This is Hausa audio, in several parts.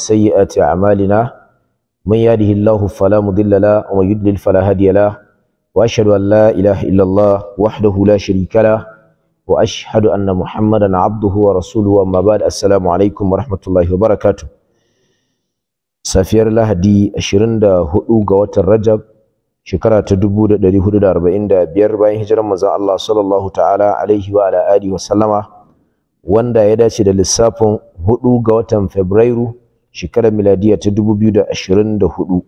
سيئات أعمالنا من يهده الله فلا مضل له ومن يضلل فلا هادي له وأشهد أن لا إله إلا الله وحده لا شريك له وأشهد أن محمدا عبده ورسوله أما بعد السلام عليكم ورحمة الله وبركاته سافير لهدي أشرند هدو قوات الرجب shekara ta 1445 bayan hijirar manzon Allah sallallahu ta'ala alaihi wa ala alihi wa sallama wanda ya dace da lissafin 4 ga watan Fabrairu shekarar miladiya ta 2024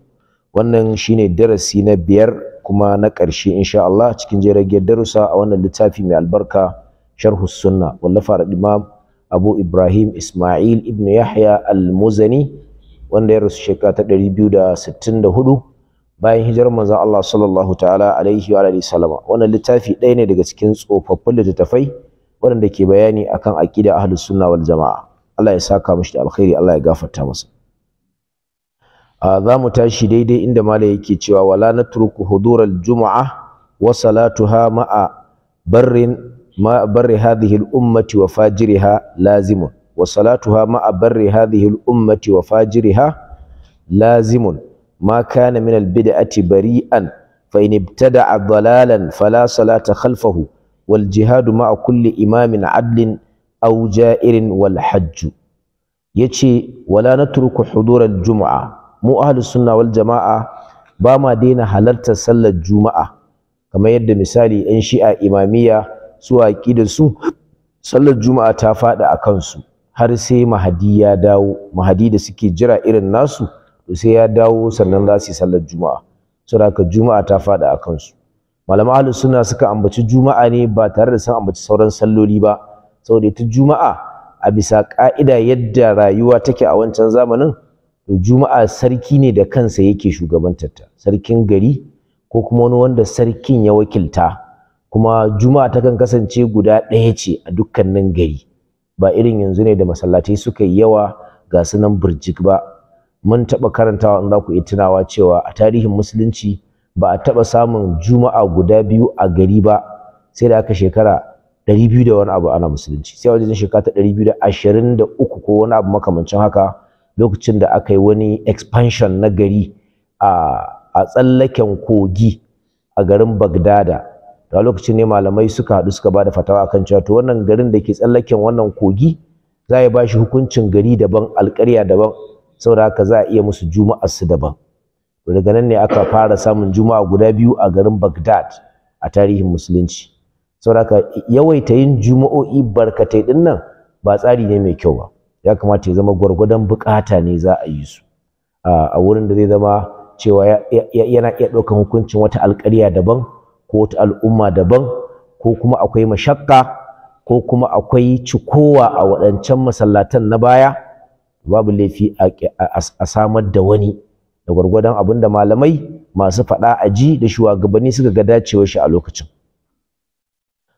wannan shine darasi na biyar kuma na ƙarshe insha Allah cikin jiragen darussa a wannan littafi mai albarka sharhu sunna wallafa imam Abu Ibrahim Ismail ibn Yahya al-Muzani wanda ya rasu shekara ta 264 bayan hijirar manzon Allah sallallahu ta'ala alaihi wa alihi sallama wannan littafi ɗaya ne daga cikin tsofaffin littattafai waɗanda ke bayani akan aqida ahlus sunna wal jama'a Allah ya saka mishi da alkhairi Allah ya gafarta masa za mu tashi daidai inda mala yake cewa wala natruku hudural jumu'a wa salatuha ma'a barrin ma barri hadhihi al-ummati wa fajiriha lazimun wa salatuha ma'a barri hadhihi al-ummati wa fajiriha lazimun ma kana min al-bid'ati bari'an fa in ibtada'a dalalan fala salata khalfahu wal jihadu ma'a kulli imamin adlin aw ja'irin wal hajj yace wala natruku hudur al jum'a mu ahlus sunna wal jama'a ba ma daina halartar sallar juma'a kamar yadda misali yan shi'a imamiyya su da su sallar juma'a ta fada a kansu har sai mahadi ya dawo mahadi da suke jira irin nasu to sai ya dawo sannan za su yi sallar juma'a saboda juma'a ta fada a kansu malaman ahlus sunna suka ambaci juma'a ne ba tare da sun ambaci sauran salloli ba saboda ita juma'a a bisa ka'ida yadda rayuwa take a wancan zamanin to juma'a sarki ne da kansa yake shugabantarta sarkin gari ko kuma wani wanda sarkin ya wakilta kuma juma'a ta kan kasance guda ɗaya ce a dukkanin gari ba irin yanzu ne da masallatai suka yi yawa ga sunan birjik ba mun taɓa karantawa in za ku iya tunawa cewa a tarihin musulunci ba a taɓa samun juma'a guda biyu a gari ba sai da aka shekara ɗari biyu da wani abu ana musulunci sai wajen shekara ta ɗari biyu da ashirin da uku ko wani abu makamancin haka lokacin da aka yi wani expansion na gari a tsallaken kogi a garin bagdada da lokacin ne malamai suka haɗu suka bada fatawa akan cewa to wannan garin da ke tsallaken wannan kogi za a ba shi hukuncin gari daban alƙarya daban saboda haka za a iya musu juma'a su daban daga nan ne aka fara samun juma'a guda biyu a garin Bagdad a tarihin musulunci saboda yawaita yin juma'o'i barkatai din nan ba tsari ne mai kyau ba ya kamata ya zama gwargwadon bukata ne za a yi su a wurin da zai zama cewa yana iya ɗaukan hukuncin wata alƙarya daban ko wata al'umma daban ko kuma akwai mashakka ko kuma akwai cikowa a waɗancan masallatan na baya babu laifi a samar da wani da gwargwadon abin da malamai masu faɗa a ji da shuwagabanni suka ga dacewar shi a lokacin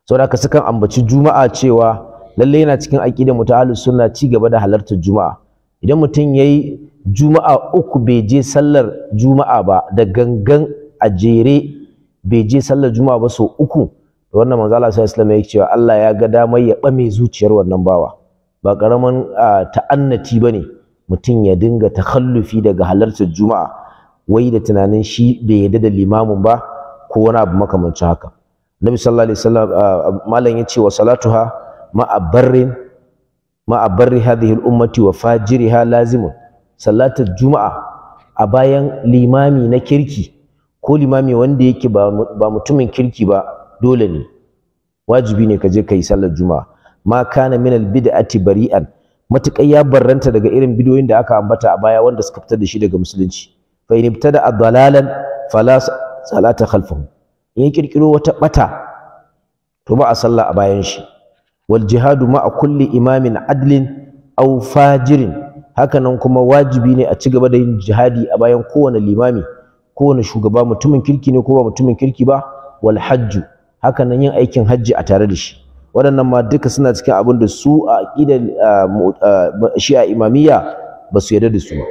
saboda ka sukan ambaci juma'a cewa lalle yana cikin ta mutahallis sunna ci gaba da halartar juma'a idan mutum yayi juma'a uku bai je sallar juma'a ba da gangan a jere bai je sallar juma'a ba sau uku da wannan manzo Allah sallallahu alaihi cewa Allah ya ga damar ya bame zuciyar wannan bawa ba karaman ta'annati bane mutum ya dinga takhallufi daga halartar juma'a wai da tunanin shi bai yarda da limamin ba ko wani abu makamancin haka nabi sallallahu alaihi wasallam ah, malam yace wa salatuha ma'a barrin ma'a barri hadhihi al-ummati wa fajiriha lazimun salatar juma'a a bayan limami na kirki ko limami wanda yake ba mutumin kirki ba dole ne wajibi ne ka je kai sallar juma'a ma kana min al-bid'ati bari'an matuƙar ya barranta daga irin bidiyoyin da aka ambata a baya wanda suka fitar da shi daga musulunci fa in ibtada ad-dalalan fala salata khalfahu ya kirkiro wata bata to ba a sallah a bayan shi wal jihadu ma a kulli imamin adlin aw fajirin hakanan kuma wajibi ne a ci gaba da yin jihadi a bayan kowane limami kowane shugaba mutumin kirki ne ko ba mutumin kirki ba wal hajju hakanan yin aikin hajji a tare da shi waɗannan ma duka suna cikin abin da su a aqidar shi'a imamiyya ba su yarda da su ba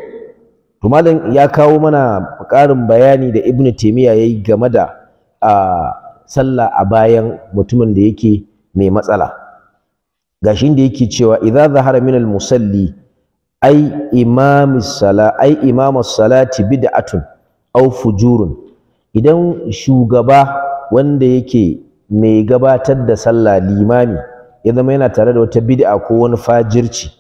to malam ya kawo mana ƙarin bayani da ibnu taymiya yayi game da sallah a bayan mutumin da yake mai matsala gashi da yake cewa idza zahara min al musalli ai Imamar sala ai imamus salati bid'atun aw fujurun idan shugaba wanda yake mai gabatar da sallah limami ya zama yana tare da wata bid'a ko wani fajirci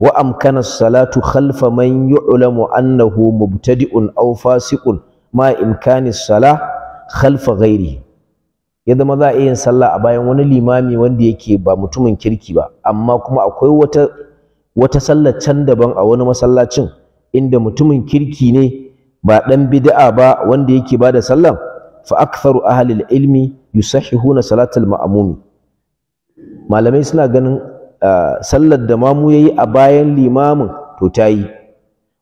wa amkana salatu khalfa man yu'lamu annahu mubtadi'un aw fasiqun ma imkani salah khalfa ghairi ya zama za a yin sallah a bayan wani limami wanda yake ba mutumin kirki ba amma kuma akwai wata wata sallar can daban a wani masallacin inda mutumin kirki ne ba dan bid'a ba wanda yake ba da sallah fa aktharu ahli ilmi yusahihuna salatul ma'mumi malamai suna ganin sallar da mamu yayi a bayan limamin to tayi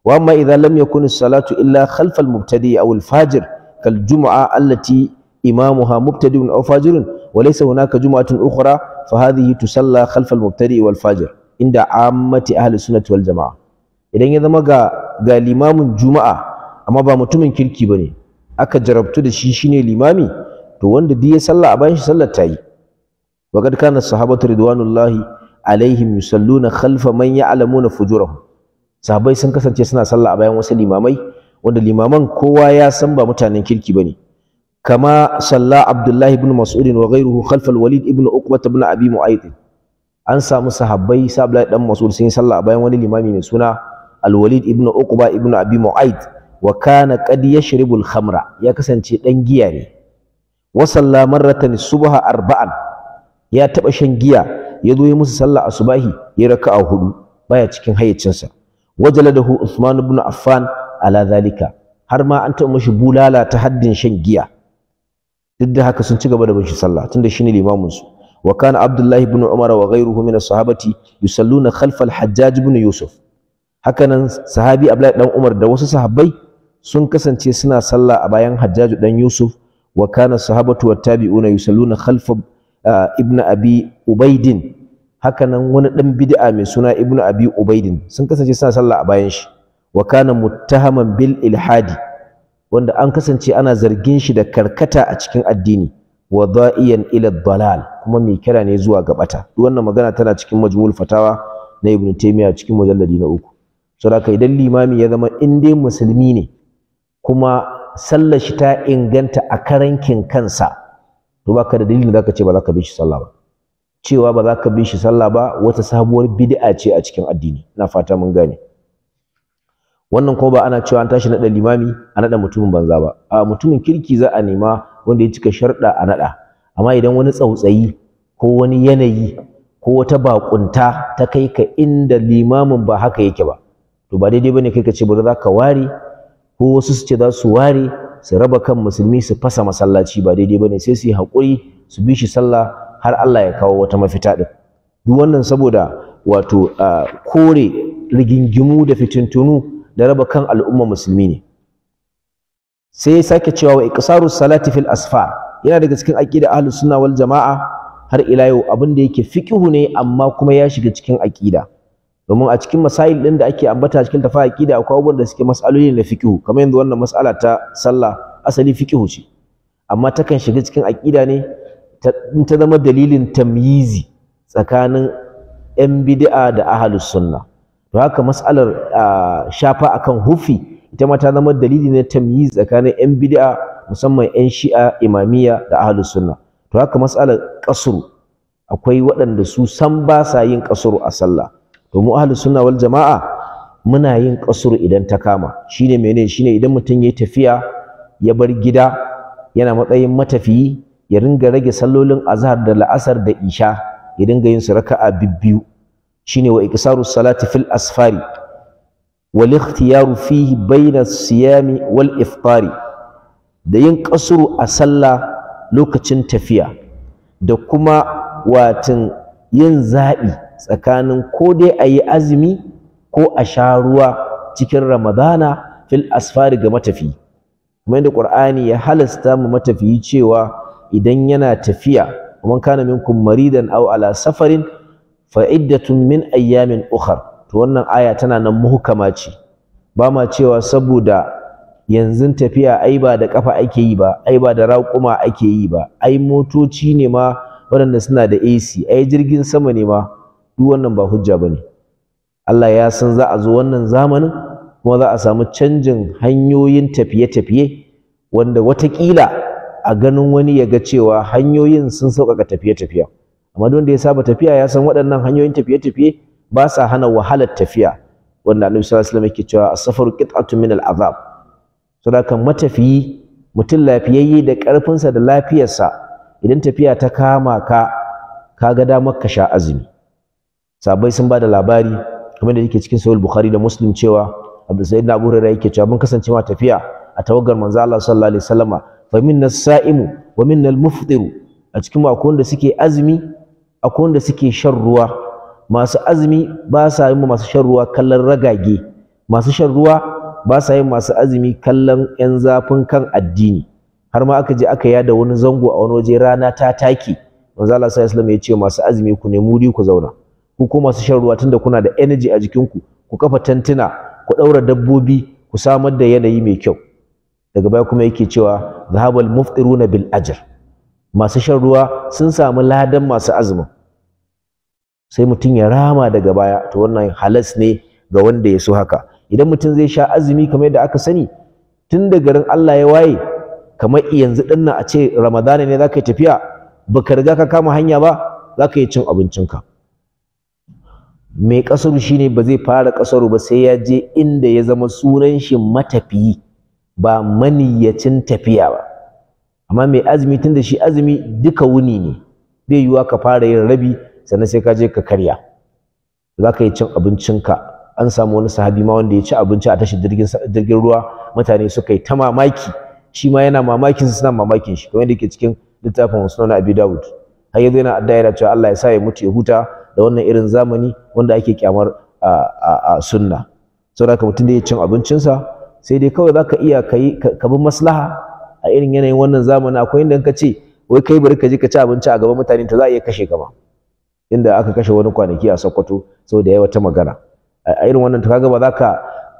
wa amma idza lam yakun salatu illa khalfal mubtadi aw al fajir kal jumu'a allati imamuha mubtadi'un aw fajirun ka laysa tun jumu'atun ukhra fa hadhihi tusalla khalfa al mubtadi' wal fajir inda ahli sunnati wal jama'a idan ya zama ga ga limamin juma'a amma ba mutumin kirki bane aka jarabtu da shi shine limami to wanda duk ya sallah a bayan shi sallar ta yi wa kad kana sahabatu ridwanullahi alaihim yusalluna khalfa man ya'lamuna fujurahum sahabbai sun kasance suna sallah a bayan wasu limamai wanda limaman kowa ya san ba mutanen kirki bane kama salla abdullahi ibn mas'ud wa ghayruhu khalf al-walid ibn uqbah ibn abi mu'ayth an samu sahabbai sabla dan mas'ud sun sallah, bayan wani limami mai suna al-walid ibn uqbah ibn abi mu'ayth wa kana qad yashribu al-khamra ya kasance dan giya ne wa salla marratan subha arba'an ya taba shan giya ya zo ya musu sallah asubahi ya raka'a hudu baya cikin hayyacinsa wajala dahu Uthman ibn Affan ala zalika har ma an taɓa mashi bulala ta haddin shan giya duk da haka sun ci gaba da bin shi sallah tunda shine limamin su wa kana abdullahi ibn umar wa ghayruhu min as-sahabati yusalluna khalf al-hajjaj ibn yusuf hakanan sahabi abdullahi dan umar da wasu sahabbai sun kasance suna sallah a bayan hajjaj dan yusuf wa kana sahabatu wat tabi'una yusalluna khalf ibn abi ubaidin hakanan wani dan bid'a mai suna ibn abi ubaidin sun kasance suna sallah a bayan shi wa kana muttahaman bil ilhadi wanda an kasance ana zargin shi da karkata a cikin addini wa da'iyan ila dalal kuma mai kira ne zuwa ga bata duk wannan magana tana cikin majmu'ul fatawa na ibnu taymiya cikin mujalladi na uku saboda idan limami ya zama in dai musulmi ne kuma sallar shi ta inganta a karankin kansa to baka da dalilin da zaka ce ba zaka bi shi sallah ba cewa ba za ka bi shi sallah ba wata sabuwar bid'a ce a cikin addini ina fata mun gane wannan kuma ba ana cewa an tashi naɗa limami a naɗa mutumin banza ba a mutumin kirki za a nema wanda ya cika sharda a naɗa amma idan wani tsautsayi ko wani yanayi ko wata baƙunta ta kai ka inda limamin ba haka yake ba to ba daidai bane kai ka ce bari za ka ware ko wasu su ce za su ware su raba kan musulmi su fasa masallaci ba daidai bane sai su yi haƙuri su bi shi sallah har Allah ya kawo wata mafita ɗin duk wannan saboda wato kore rigingimu da fitintunu da raba kan al'umma musulmi ne sai ya sake cewa wa iqsaru salati fil asfar yana daga cikin aqida ahlus sunna wal jamaa har ila yau abin da yake fiqhu ne amma kuma ya shiga cikin aqida domin a cikin masail din da ake ambata cikin tafa aqida akwai abubuwan da suke mas'aloli na fiqhu kamar yanzu wannan mas'ala ta sallah asali fiqhu ce amma takan shiga cikin aqida ne in ta zama dalilin tamyizi tsakanin 'yan bid'a da ahlus sunna to haka mas'alar shafa akan hufi ita ma ta zama dalili na tamyiz tsakanin yan bid'a musamman yan shi'a imamiyya da ahlus sunna to haka mas'alar qasru akwai waɗanda su san ba sa yin qasru a sallah to mu ahlus sunna wal jama'a muna yin qasru idan ta kama shine menene shine idan mutum yayi tafiya ya bar gida yana matsayin matafiyi ya ringa rage sallolin azahar da la'asar da isha ya dinga yin su raka'a bibbiyu shine wa iqsaru salati fil asfari wal ikhtiyaru fihi bayna siyami wal iftari da yin kasuru a sallah lokacin tafiya da kuma watan yin zaɓi tsakanin ko dai a yi azumi ko a sha ruwa cikin ramadana fil asfari ga matafi Kuma yadda qur'ani ya halasta mu matafiyi cewa idan yana tafiya man kana minkum maridan aw ala safarin fa'idatun tun min ayyamin ukhar to wannan aya tana nan muhkama ce ba ma cewa saboda yanzu tafiya ai ba da kafa ake yi ba ai ba da raƙuma ake yi ba ai motoci ne ma waɗanda suna da AC ai jirgin sama ne ma duk wannan ba hujja ba ne. Allah ya san za a zo wannan zamanin kuma za a samu canjin hanyoyin tafiye-tafiye wanda watakila a ganin wani ya ga cewa hanyoyin sun sauƙaƙa tafiye-tafiyen amma duk wanda ya saba tafiya ya san waɗannan hanyoyin tafiye-tafiye ba sa hana wahalar tafiya wanda annabi sallallahu alaihi wasallam yake cewa as-safaru qit'atun min al-azab saboda matafiyi mutum lafiyayye da ƙarfinsa da lafiyarsa idan tafiya ta kama ka kaga damar ka sha azumi sabai sun bada labari kamar da yake cikin sahih bukhari da muslim cewa abu na abu yake cewa mun kasance ma tafiya a tawagar manzo Allah sallallahu alaihi wasallama fa minna sa'imu wa minna al-muftiru a cikin makon da suke azumi akwai wanda suke shan ruwa masu azumi ba sa yin masu shan ruwa kallon ragage masu shan ruwa ba sa yin masu azumi kallon yan zafin kan addini har ma aka je aka yada wani zango a wani waje rana ta take manzo Allah sallallahu alaihi ya ce masu azumi ku nemi wuri ku zauna ku ko masu shan ruwa tunda kuna da energy a jikinku ku kafa tantuna ku daura dabbobi ku samar da yanayi mai kyau daga baya kuma yake cewa zahabal muftiruna bil ajr masu shan ruwa sun samu ladan masu azumin sai mutum ya rama daga baya to wannan halas ne ga wanda ya so haka idan mutum zai sha azumi kamar yadda aka sani tun da garin Allah ya waye kamar yanzu din nan a ce Ramadana ne zaka yi tafiya baka riga ka kama hanya ba zaka yi cin abincinka mai kasaru shine ba zai fara kasaru ba sai ya je inda ya zama sunan shi matafiyi ba maniyyacin tafiya ba amma mai azumi tun da shi azumi duka wuni ne bai yiwuwa ka fara yin rabi sannan sai ka je ka karya za ka yi cin abincinka an samu wani sahabi ma wanda ya ci abinci a tashar jirgin ruwa mutane suka yi ta mamaki shi ma yana mamakin su suna mamakin shi kamar yadda yake cikin littafin wasu nuna abi dawud har yanzu yana addu'a yana cewa Allah ya sa ya mutu ya huta da wannan irin zamani wanda ake kyamar a sunna saboda haka mutum da ya cin abincinsa sai dai kawai za ka iya ka bi maslaha a irin yanayin wannan zamanin akwai inda ka ce wai kai bari ka ji ka ci abinci a gaban mutane ta za a iya kashe ka inda aka kashe wani kwanaki a Sokoto sau da yawa ta magana a irin wannan ta kaga ba za ka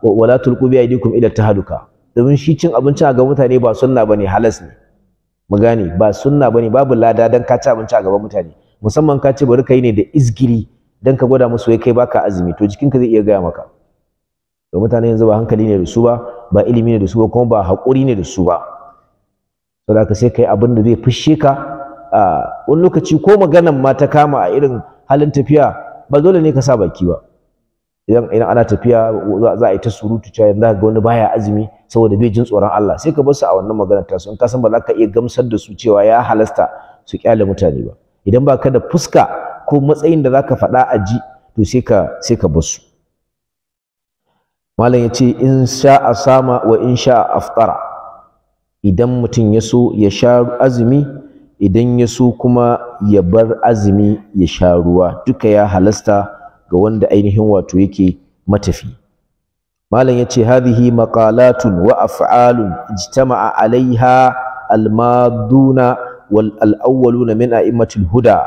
wala tulqu bi aydikum ila tahaluka domin shi cin abinci a gaban mutane ba sunna bane halas ne mu gane ba sunna bane babu lada dan ka ci abinci a gaban mutane musamman ka ce bari kai ne da izgiri dan ka gwada musu wai kai baka azumi to jikinka zai iya gaya maka ga mutane yanzu ba hankali ne da su ba ba ilimi ne da su ba kuma ba haƙuri ne da su ba to da ka sai kai abin da zai fishe ka a wani lokaci ko maganan ma ta kama a irin halin tafiya ba dole ne ka sa baki ba idan idan ana tafiya za a yi ta surutu cewa yanzu ga wani baya azumi saboda bai jin tsoron Allah sai ka bar su a wannan maganar ta su in ka ba za ka iya gamsar da su cewa ya halasta su kyale mutane ba idan ba ka da fuska ko matsayin da za ka faɗa a ji to sai ka sai ka bar su malam ya ce in sha a sama wa in sha a aftara idan mutum ya so ya sha azumi idan ya so kuma ya bar azumi ya sha ruwa duka ya halasta ga wanda ainihin wato yake matafi malam ya ce hadhihi maqalatun wa af'alun ijtama'a alaiha almaduna wal na min a'immatil huda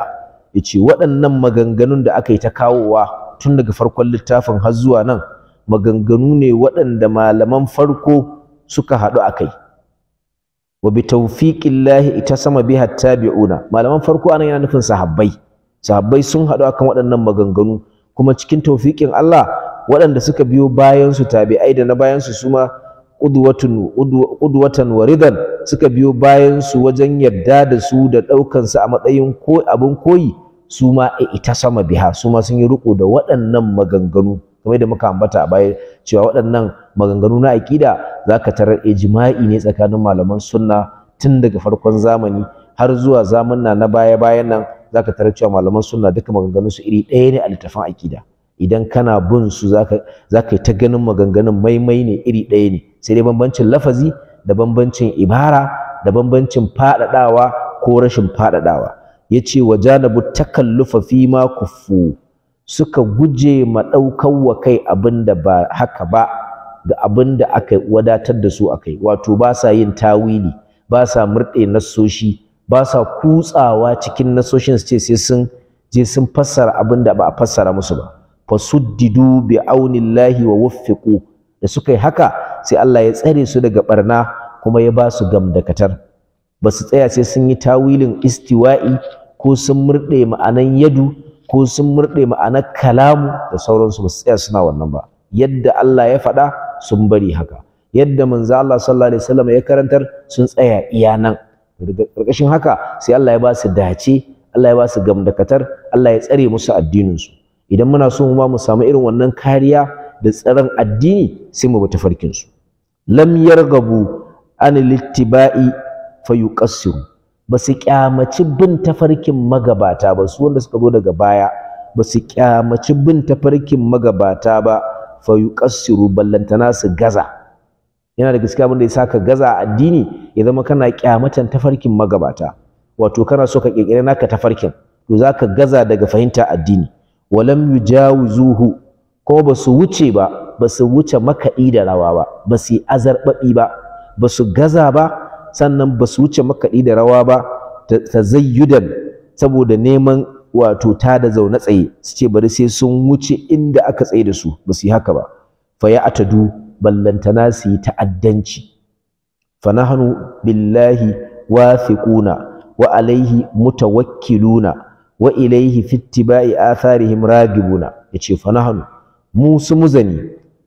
yace waɗannan maganganun da aka yi ta kawowa tun daga farkon littafin har zuwa nan maganganu ne waɗanda malaman farko suka haɗu a kai. wa bi tawfiqillahi ita sama biha tabi'una malaman farko anan yana nufin sahabbai sahabbai sun haɗu akan waɗannan maganganu kuma cikin tawfiqin Allah waɗanda suka biyo bayan su tabi'ai da na bayan su suma udwatun udwatan waridan suka biyo bayan su wajen yadda da su da daukan su a matsayin ko abin koyi su ma e, ita sama biha su ma sun yi riko da waɗannan maganganu kamar da muka ambata a baya cewa waɗannan maganganu na aƙida za ka tarar ijma'i ne tsakanin malaman sunna tun daga farkon zamani har zuwa zamanna na baya-bayan nan za tarar cewa malaman sunna duka maganganunsu iri ɗaya ne a littafin aƙida idan kana bin su za ka ta ganin maganganun maimai ne iri ɗaya ne sai dai bambancin lafazi da bambancin ibara da bambancin faɗaɗawa ko rashin faɗaɗawa yace ce takallufa fi ma kufu suka guje ma ɗaukar wa kai abin da ba haka ba da abin da aka wadatar da su akai wato ba sa yin tawili ba sa murɗe nasoshi, ba sa kutsawa cikin nassoshin su ce sai sun je sun fassara abin da ba a fassara musu ba suddidu bi aunillahi wa waffiqu da suka yi haka sai Allah ya tsare su daga barna kuma ya ba su gamdakatar ba su tsaya sai sun yi tawilin istiwa'i ko sun murɗe ma'anan yadu ko sun murɗe ma'anar kalamu da sauransu ba su tsaya suna wannan ba yadda Allah ya faɗa sun bari haka yadda manzo Allah sallallahu alaihi wasallam ya karantar sun tsaya iya nan karkashin haka sai Allah ya ba su dace Allah ya ba su gamdakatar Allah ya tsare musu addinin su idan muna so mu ma mu samu irin wannan kariya da tsaron addini sai mu bi farkin su lam yargabu an littiba'i ba su kyamaci bin tafarkin magabata ba su wanda suka zo daga baya ba su kyamaci bin tafarkin magabata ba fa yuqassiru ballantana su gaza yana da gaskiya abin da ya saka gaza a addini ya zama kana kyamatan tafarkin magabata wato kana so ka kirkire naka tafarkin to zaka gaza daga fahimta addini walam yujawizuhu ko ba su wuce ba ba su wuce makaɗi da rawa ba ba su yi azarɓaɓi ba ba su gaza ba sannan ba su wuce makaɗi da rawa ba ta zayyudan saboda neman wato ta da zaune tsaye su ce bari sai sun wuce inda aka tsaye da su ba su yi haka ba fa ya atadu ballantana su yi ta'addanci fa nahnu billahi wathiquna wa alaihi mutawakkiluna wa ilaihi fittiba'i atharihim ragibuna yace fa nahnu mu su muzani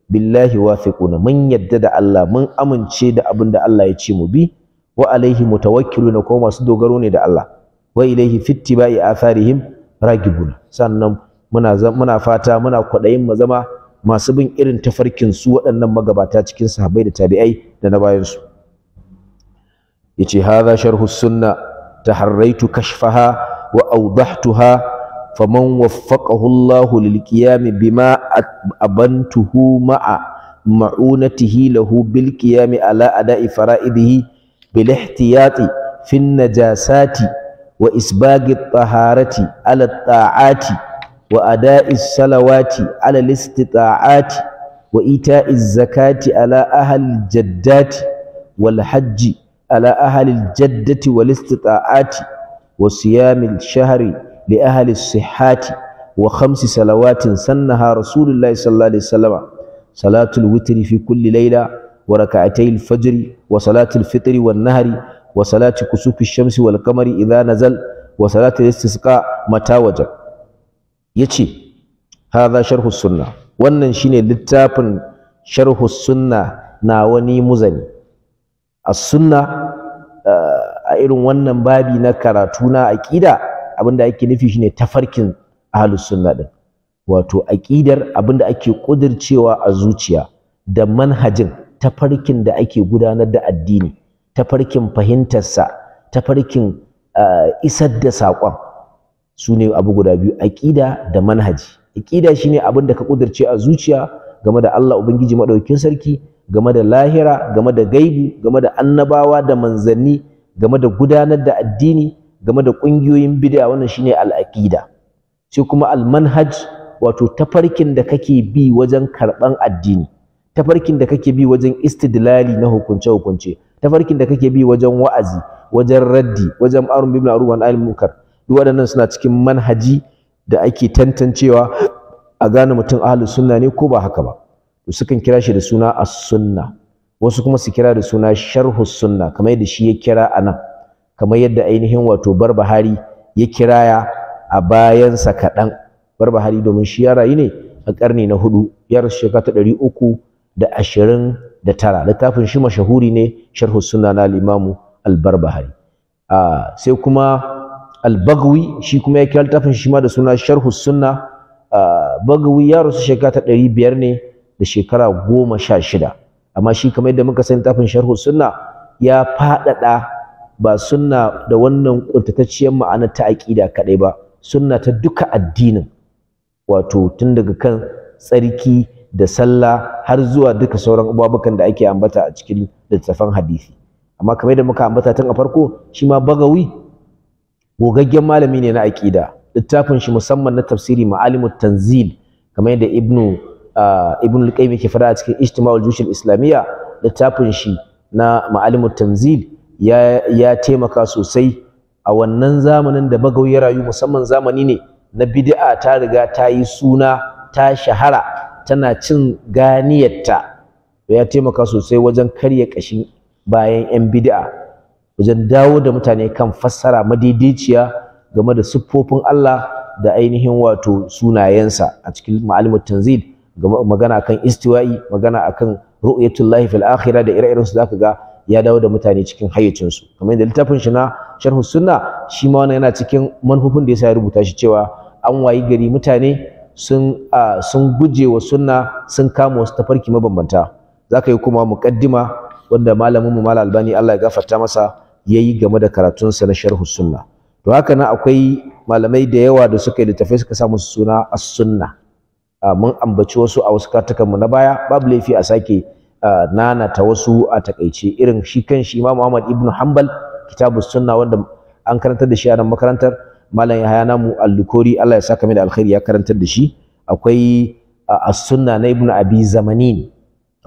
billahi wathiquna mun yadda da Allah mun amince da abin da Allah ya ce mu bi wa alaihi mutawakkiluna ko masu dogaro ne da Allah wa ilaihi fittiba'i atharihim ragibun sannan muna muna fata muna kwadayin mu zama masu bin irin tafarkin su waɗannan magabata cikin sahabbai da tabi'ai da na bayan su yace hadha sharhu sunna taharraitu kashfaha wa awdahtuha faman waffaqahu Allah lil qiyam bima abantuhu ma'a ma'unatihi lahu bil ala ada'i fara'idihi bil ihtiyati fi najasati وإسباغ الطهارة على الطاعات وأداء الصلوات على الاستطاعات وإيتاء الزكاة على أهل الجدات والحج على أهل الجدة والاستطاعات وصيام الشهر لأهل الصحات وخمس صلوات سنها رسول الله صلى الله عليه وسلم صلاة الوتر في كل ليلة وركعتي الفجر وصلاة الفطر والنهر wa salati kusufi shamsi wal qamari idza nazal wa salati istisqa mata waja yace hadha sharhu wannan shine littafin sharhu sunna na wani muzani as-sunna eh, a irin wannan babi na karatu na aqida abinda ake nufi shine tafarkin ahlus sunna din wato aqidar abinda ake kudircewa a zuciya da manhajin tafarkin da ake gudanar da addini tafarkin fahimtarsa tafarkin eh, isar da saƙon su ne abu guda biyu aƙida da manhaji aƙida ne abin da ka ƙudurce a zuciya game da Allah Ubangiji maɗaukin sarki game da lahira game da gaibu game da annabawa da manzanni game da gudanar da addini game da ƙungiyoyin bid'a wannan shine al'aqida sai kuma al-manhaj wato tafarkin da kake bi wajen karɓan addini tafarkin da kake bi wajen istidlali na hukunce hukunce tafarkin da kake bi wajen wa'azi wajen raddi wajen arun bil ma'ruf wa nahyi munkar duk waɗannan suna cikin manhaji da ake tantancewa a gane mutum ahlus sunna ne ko ba haka ba to sukan kira shi da suna as-sunna wasu kuma su kira da suna sharhus sunna kamar yadda shi ya kira anan kamar yadda ainihin wato barbahari ya kiraya a bayansa kaɗan barbahari domin shi ya rayu ne a ƙarni na hudu yar shekara ta ɗari uku da ashirin da tara littafin shi mashahuri ne sharhu sunna na limamu albarbahari sai kuma albagwi shi kuma ya kira littafin shi ma da suna sharhu sunna bagawi ya rasu shekara ta ɗari biyar ne da shekara goma sha shida amma shi kamar yadda muka san littafin sharhu sunna ya faɗaɗa ba sunna da wannan ƙuntatacciyar ma'anar ta aƙida kaɗai ba sunna ta duka addinin wato tun daga kan tsarki da sallah har zuwa duka sauran ubabukan da ake ambata a cikin littattafan hadisi amma kamar da muka ambata tun a farko shi ma bagawi gogaggen malami ne na aqida littafin shi musamman na tafsiri ma'alimut tanzil kamar yadda ibnu ibnu al-qayyim yake fara a cikin ijtima'ul jushul islamiyya littafin shi na ma'alimut tanzil ya ya taimaka sosai a wannan zamanin da bagawi ya rayu musamman zamani ne na bid'a ta riga ta yi suna ta shahara tana cin ganiyarta ya taimaka sosai wajen karya kashin bayan yan bid'a wajen dawo da mutane kan fassara madidiciya game da siffofin Allah da ainihin wato sunayensa a cikin ma'alimut tanzil magana kan istiwa'i magana akan ru'yatullahi fil akhirah da ire-iren su zaka ga ya dawo da mutane cikin hayyacin su kamar da littafin shi na sunna shi ma wannan yana cikin manufofin da yasa ya rubuta shi cewa an wayi gari mutane sun sun guje wa sunna sun kama wasu tafarki mabambanta zaka yi kuma muqaddima wanda malamin mu Albani Allah ya gafarta masa yayi game da karatun sa na sharhu sunna to haka nan akwai malamai da yawa da suka yi littafai suka sa musu suna as-sunna mun ambaci wasu a wasu kartukan mu na baya babu laifi a sake nana ta wasu a takaice irin shi kan shi Imam Ahmad ibn Hanbal kitabus sunna wanda an karantar da shi a nan makarantar malam Yahaya namu al-Lukori Allah ya saka mai da alkhairi ya karantar da shi akwai as-sunna na ibnu Abi Zamanin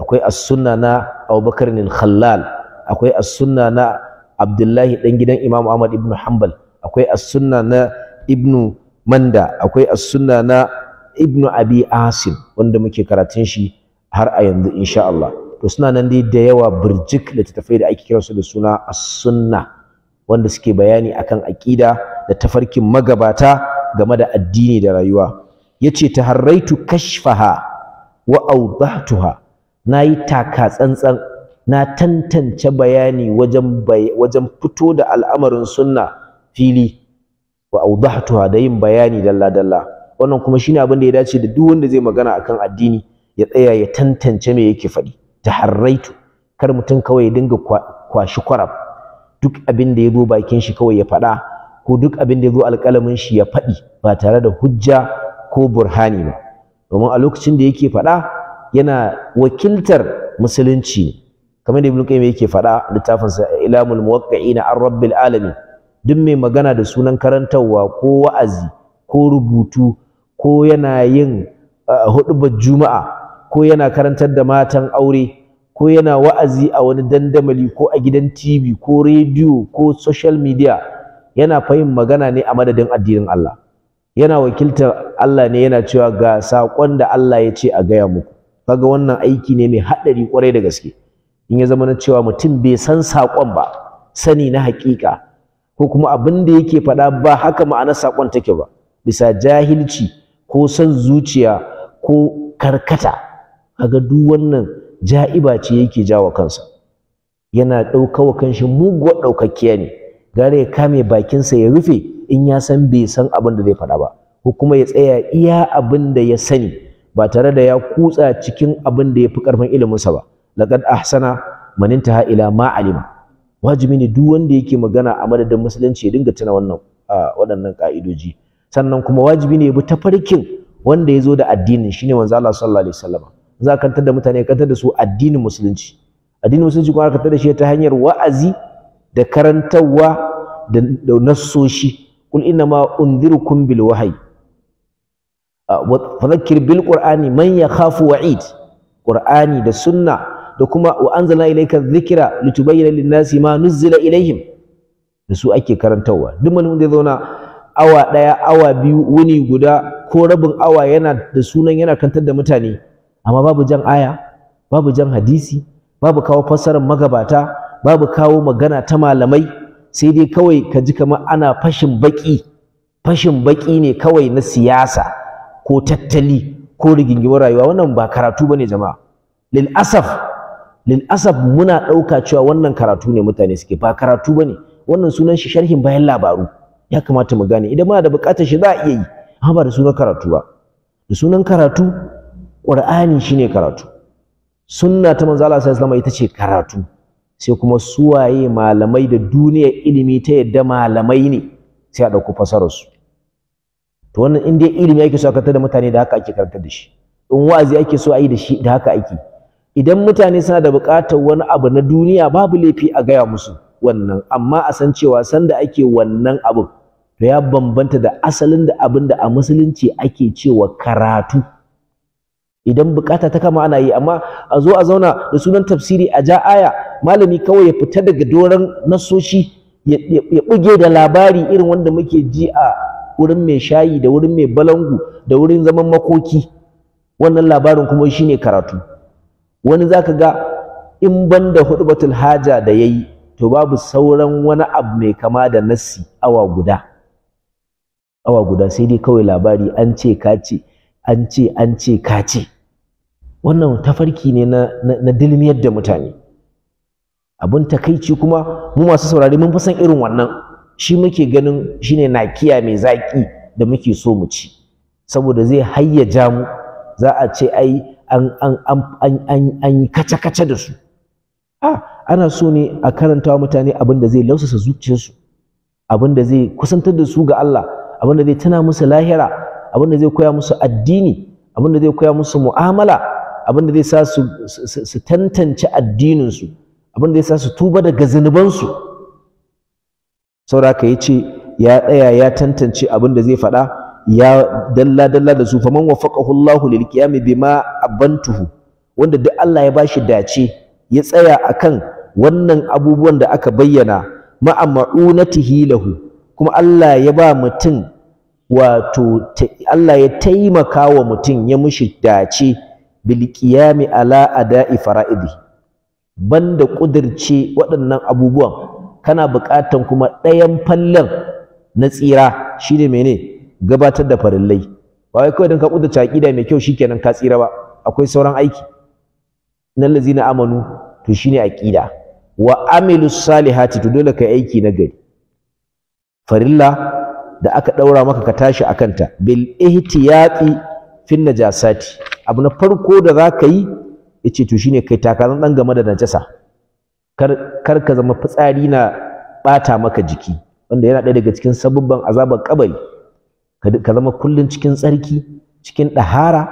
akwai as-sunna na Abubakar al-Khallal akwai as-sunna na Abdullahi dan gidan Imam Ahmad Ibnu Hanbal akwai as-sunna na Ibnu Manda akwai as-sunna na Ibnu Abi Asim wanda muke karatun shi har a yanzu insha Allah to suna nan dai da yawa birjik littattafai da ake su da suna as-sunna wanda suke bayani akan aƙida da tafarkin magabata game da addini da rayuwa yace taharraitu kashfaha wa awdahtuha nayi taka tsantsan na tantance bayani wajen wajen fito da al'amarin sunna fili wa awdahtuha da yin bayani dalla dalla wannan kuma shine abin da ya dace da duk wanda zai magana akan addini ya tsaya ya tantance me yake faɗi taharraitu kar mutum kawai ya dinga kwashi kwarab duk abin da ya zo bakin shi kawai ya faɗa ko duk abin da ya zo alƙalamin shi ya faɗi ba tare da hujja ko burhani ba domin a lokacin da yake faɗa yana wakiltar musulunci ne kamar da ibn qayyim yake faɗa littafin sa ilamul muwaqqi'ina an rabbil alamin duk mai magana da sunan karantarwa ko wa'azi ko rubutu ko yana yin uh, hudubar juma'a ko yana karantar da matan aure ko yana wa'azi a wani dandamali ko a gidan TV ko rediyo ko social media yana fahim magana ne a madadin addinin Allah yana wakiltar Allah ne yana cewa ga saƙon da Allah ya ce a gaya muku kaga wannan aiki ne mai haɗari kwarai da gaske in ya zama na cewa mutum bai san saƙon ba sani na haƙiƙa ko kuma abin da yake faɗa ba haka ma'anar saƙon take ba bisa jahilci ko son zuciya ko karkata kaga duk wannan ja'iba ce yake jawa kansa yana ɗaukawa kanshi muguwar ɗaukakkiya ne gara ya kame bakinsa ya rufe in ya san bai san abin da zai faɗa ba ko kuma ya tsaya iya abin da ya sani ba tare da ya kutsa cikin abin da ya fi ƙarfin iliminsa ba laqad ahsana man intaha ila ma alima wajibi ne duk wanda yake magana a madadin musulunci ya dinga tuna wannan waɗannan ka'idoji sannan kuma wajibi ne ya bi tafarkin wanda ya zo da addinin shine manzo Allah sallallahu alaihi wasallam za ka kantar da mutane ka kantar da su addinin musulunci addinin musulunci kuma ka kantar da shi ta hanyar wa'azi da karantarwa da nassoshi kul inna ma unzirukum bil wahyi fadhakkir bil qur'ani man yakhafu wa'id qur'ani da sunna da kuma wa anzalna ilayka dhikra litubayyana lin-nasi ma nuzila ilayhim da su ake karantarwa duk wani da ya zauna awa daya awa biyu wuni guda ko rabin awa yana da sunan yana kantar da mutane amma babu jan aya babu jan hadisi babu kawo fassarar magabata babu kawo magana ta malamai sai dai kawai ka ji kamar ana fashin baki fashin baki ne kawai na siyasa ko tattali ko rigingimin rayuwa wannan ba karatu bane jama'a lil asaf lil asaf muna ɗauka cewa wannan karatu ne mutane suke ba karatu bane wannan sunan shi sharhin bayan labaru ya kamata mu gane idan muna da buƙatar shi za a iya yi amma ba da sunan karatu ba da sunan karatu ƙur'ani ne karatu sunna ta manzala sai sallallahu ita ce karatu sai kuma suwaye malamai da duniyar ilimi ta yadda malamai ne sai a ɗauko fasararsu. to wannan inda ya ilimi ake so a karantar da mutane da haka ake karantar da shi in wa'azi ake so a yi da shi da haka ake idan mutane suna da buƙatar wani abu na duniya babu laifi a gaya musu wannan amma a san cewa sanda ake wannan abin to ya bambanta da asalin da abin da a musulunci ake cewa karatu idan bukata ta kama ana yi amma a zo a zauna da sunan tafsiri a ja aya malami kawai ya fita daga doron nasoshi ya buge da labari irin wanda muke ji a wurin mai shayi da wurin mai balangu da wurin zaman makoki wannan labarin kuma shine karatu wani zaka ga in banda hudubatul haja da yayi to babu sauran wani abu mai kama da nassi awa guda awa guda sai dai kawai labari an ce ka ce an ce an ce ka ce wannan tafarki ne na, na, dilmiyar da mutane abin takaici kuma mu masu saurari mun fi san irin wannan shi muke ganin shine nakiya mai zaƙi da muke so mu ci saboda zai hayyaja mu za a ce ai an an yi kace-kace da su ah ana so ne a karanta mutane abin da zai lausasa zuciyarsu abin da zai kusantar da su ga Allah abin da zai tana musu lahira abinda zai koya musu addini abin zai koya musu mu'amala abinda zai sa su tantance addininsu abinda da zai sa su tuba daga zunubansu sauraka ya ce ya tsaya ya tantance abinda zai faɗa ya dalla dalla da su faman wafaqahu Allahu lil qiyami bima abantuhu wanda duk Allah ya ba shi dace ya tsaya a kan wannan abubuwan da aka bayyana ma'a ma'unatihi lahu kuma Allah ya ba mutum wato Allah ya taimaka wa mutum ya mushi dace bil qiyami ala ada'i fara'idi banda kudirce waɗannan abubuwan kana buƙatan kuma ɗayan fallan na tsira shine mene gabatar da farillai ba wai kawai dan ka kudirce aqida mai kyau shikenan ka tsira ba akwai sauran aiki nan lazina amanu to shine aqida wa amilus salihati to dole kai aiki na gari farilla da aka ɗaura maka ka tashi a kanta. bil ihtiyati fin najasati abu na farko da za ka yi yace to shine kai takaran dan game da najasa kar kar ka zama fitsari na bata maka jiki wanda yana ɗaya daga cikin sabubban azabar kabari ka zama kullun cikin tsarki cikin dahara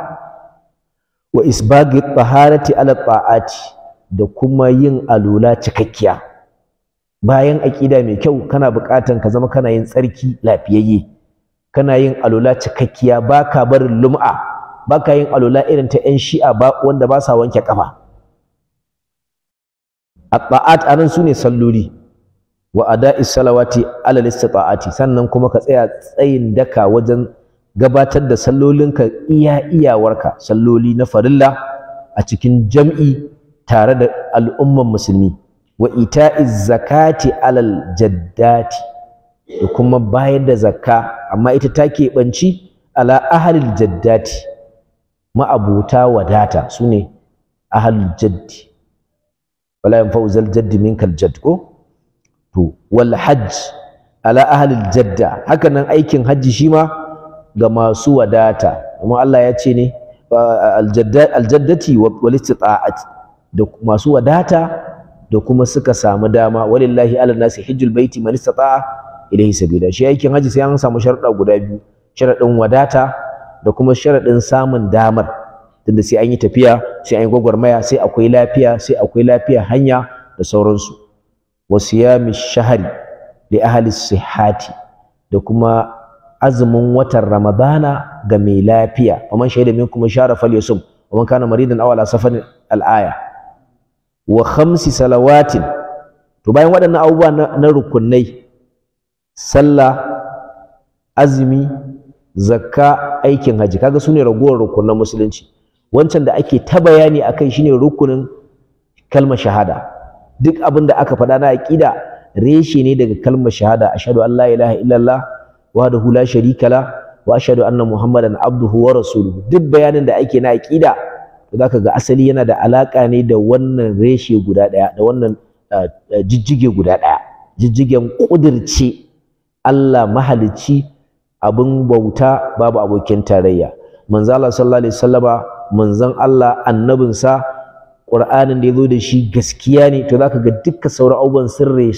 wa isbagi taharati ala ta'ati da kuma yin alula cikakkiya bayan aƙida mai kyau kana buƙatan ka zama kana yin tsarki lafiyayye kana yin alula cikakkiya baka barin lum'a baka yin alula irin ta 'yan shi'a ba wanda ba sa wanke kafa at nan anan ne salloli wa ada'is salawati ala istita'ati sannan kuma ka tsaya tsayin daka wajen gabatar da sallolinka iya iyawarka salloli na farilla a cikin jam'i tare da al'umman musulmi wa ita'iz zakati alal jaddati da kuma bayar da zakka amma ita ta keɓanci ala ahalil jaddati ma'abuta wadata su ne ahalul jaddi wala yin fa'uzal jaddi minkal jadd ko to wal hajj ala ahalil jadda haka nan aikin hajji shi ma ga masu wadata amma Allah ya ce ne aljaddati wal da masu wadata da kuma suka samu dama walillahi ala nasi hijjul baiti man istata'a ilayhi sabila shi aikin haji sai an samu sharuɗa guda biyu Sharaɗin wadata da kuma sharaɗin samun damar tunda sai an yi tafiya sai an yi gwagwarmaya sai akwai lafiya sai akwai lafiya hanya da sauransu wa siyami shahari li ahli sihhati da kuma azumin watan ramadana ga mai lafiya wa man shahida minkum shara falyasum wa man kana maridan aw ala safarin al-aya wa khamsi salawatin to bayan waɗannan abubuwa na rukunai sallah azumi zakka aikin haji kaga sune ragowar rukunan musulunci wancan da ake ta bayani akai shine rukunin kalmar shahada duk abin da aka faɗa na aqida reshe ne daga kalmar shahada ashhadu an la ilaha illallah wahdahu la sharika la wa ashhadu anna muhammadan abduhu wa rasuluhu duk bayanin da ake na aqida to ka ga asali yana da alaka ne da wannan reshe guda daya da wannan ah, ah, jijjige guda ɗaya. jijjigen ƙudirce Allah mahalici abin bauta babu abokin tarayya manzo Allah sallallahu alaihi wasallama manzon Allah annabin sa. Qur'anin da ya zo da shi gaskiya ne to zaka ga dukkan sauran abubuwan sirri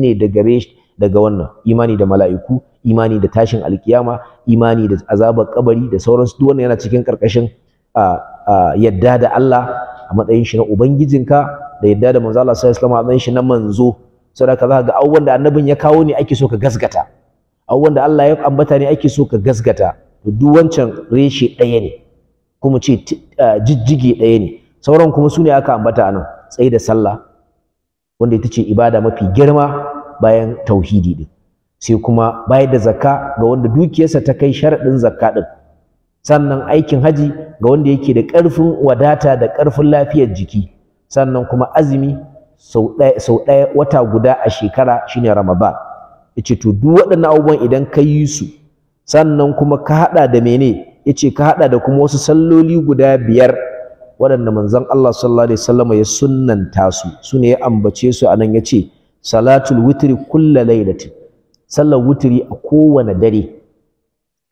ne daga reshe daga wannan imani da mala'iku imani da tashin alkiyama imani da azabar kabari da sauransu duk wannan yana cikin karkashin ah, yadda da Allah a matsayin shi na ubangijinka da yadda da manzo Allah sallallahu alaihi wasallam a matsayin shi na manzo saboda za ga abubuwan da annabin ya kawo ne ake so ka gasgata abubuwan da Allah ya ambata ne ake so ka gasgata to duk wancan reshe ɗaya ne kuma ce jijjige ɗaya ne sauran kuma su ne aka ambata anan tsayi da sallah wanda ita ce ibada mafi girma bayan tauhidi din sai kuma bayar da zakka ga wanda dukiyarsa ta kai sharaɗin zakka din sannan aikin haji ga wanda yake da ƙarfin wadata da ƙarfin lafiyar jiki sannan kuma azumi sau ɗaya wata guda a shekara shine ramadan yace to duk waɗannan abubuwan idan ka yi su sannan kuma ka haɗa da mene yace ka haɗa da kuma wasu salloli guda biyar waɗanda manzon Allah sallallahu alaihi wasallam ya sunnanta su sune ya ambace su a anan yace salatul witri kulla lailatin sallar wutiri a kowane dare